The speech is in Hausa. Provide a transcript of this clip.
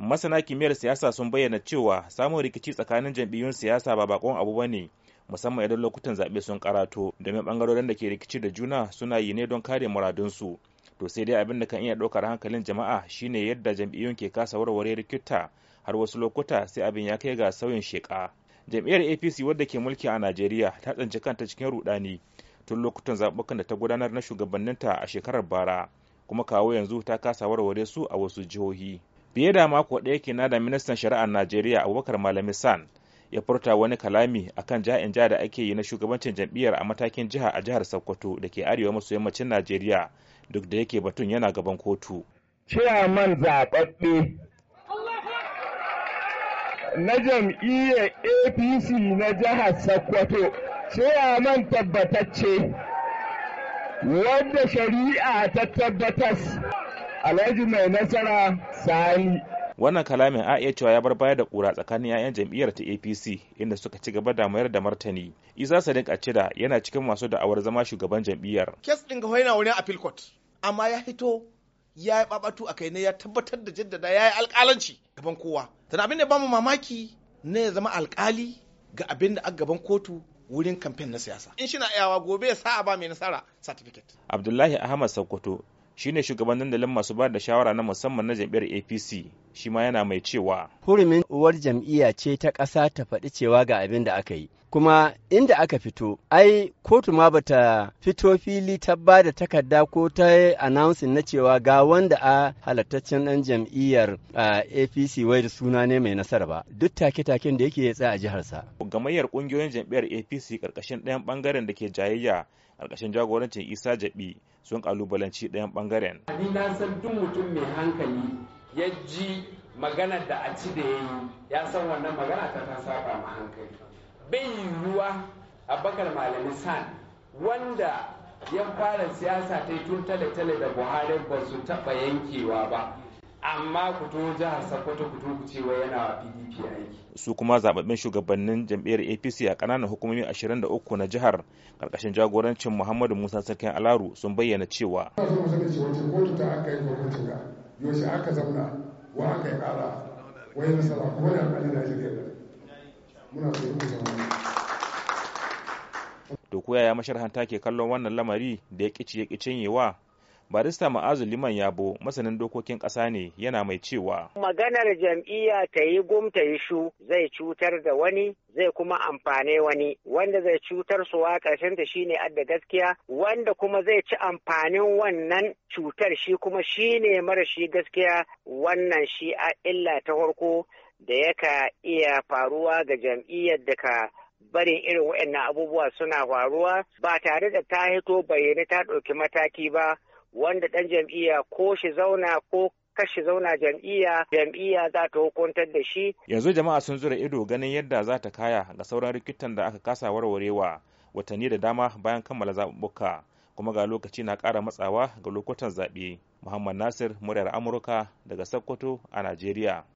masana kimiyyar siyasa sun bayyana cewa samun rikici tsakanin jam'iyyun siyasa ba bakon abu ba ne musamman idan lokutan zaɓe sun karato domin ɓangarorin da ke rikici da juna suna yi ne don kare muradunsu to sai dai abin da kan iya ɗaukar hankalin jama'a shine yadda jam'iyyun ke kasa warware rikita har wasu lokuta sai abin ya kai ga sauyin sheka. jam'iyyar apc wadda ke mulki a najeriya ta tsinci kanta cikin rudani tun lokutan zaɓukan da ta gudanar na shugabanninta a shekarar bara kuma kawo yanzu ta kasa warware su a wasu jihohi fiye da mako ɗaya kenan da ministan shari'ar najeriya abubakar malami san ya furta wani kalami akan ja'in ja da ake yi na shugabancin jam'iyyar a matakin jiha a jihar sokoto da ke arewa maso yammacin najeriya duk da yake batun yana gaban kotu ciyaman zaɓaɓɓe na jam'iyyar apc na jihar sokoto ciyaman tabbatacce wadda shari'a ta tabbatas alhaji mai nasara sani wannan kalamin a iya cewa ya bar baya da kura tsakanin 'ya'yan jam'iyyar ta apc inda suka ci gaba da mayar da martani isa sadiq acida yana cikin masu da'awar zama shugaban jam'iyyar kes din ga yana wurin appeal court amma ya fito ya yi babatu a kai ne ya tabbatar da jaddada ya yi alƙalanci gaban kowa tana abin da ba mu mamaki ne ya zama alƙali ga abin da a gaban kotu wurin kamfen na siyasa in shi na iyawa gobe ya sa a ba mai nasara certificate abdullahi ahmad sokoto shine shugaban dandalin masu ba da shawara na musamman na jam'iyyar apc shi ma yana mai cewa hurumin uwar jam'iyya ce ta ƙasa ta faɗi cewa ga abin da aka yi kuma inda aka fito ai kotu ma bata fito fili ta ba da takarda ko ta announcing na cewa ga wanda a halattaccen ɗan jam'iyyar apc wai da suna ne mai nasara ba duk take-taken da yake tsaye tsaya a jiharsa gamayyar ƙungiyoyin jam'iyyar apc ƙarƙashin ɗayan ɓangaren da ke jayayya ƙarƙashin jagorancin isa jabi sun ƙalubalanci ɗayan ɓangaren. Abin na san duk mutum mai hankali ya ji maganar da a ci da ya yi ya san wannan magana ta ta saba ma hankali bai yiwuwa bakar malami san wanda ya fara siyasa ta yi tun tale-tale da buhari ba su taɓa yankewa ba amma ku to jihar sokoto ku to ku cewa yana pdp aiki su kuma zababben shugabannin jam'iyyar apc a kananan hukumomi 23 na jihar karkashin jagorancin muhammadu musa sarkin alaru sun bayyana cewa ta aka yi yoshi aka zauna wa aka yi kara wai nasara kuma da alƙalin najeriya da muna so mu zama to ko yaya masharhanta ke kallon wannan lamari da ya kici ya yi wa. barista ma'azu liman yabo masanin dokokin ƙasa ne yana mai cewa maganar jam'iyya ta yi gum ta yi shu zai cutar da wani zai kuma amfane wani wanda zai cutar suwa ƙarshen ta shine adda gaskiya wanda kuma zai ci amfanin wannan cutar shi kuma shine mara shi gaskiya wannan shi a illa ta farko da yaka iya faruwa ga jam'iyyar da ka barin irin waɗannan abubuwa suna faruwa ba tare da ta hito bayyane ta ɗauki mataki ba wanda ɗan jam'iyya ko shi zauna ko kashi zauna jam'iyya jam'iyya za ta hukuntar da shi. Yanzu jama'a sun zura ido ganin yadda za ta kaya ga sauran rikitan da aka kasa warwarewa watanni da dama bayan kammala zaɓuɓɓuka kuma ga lokaci na ƙara matsawa ga lokutan zaɓe. Muhammad Nasir muryar Amurka daga Sokoto a Najeriya.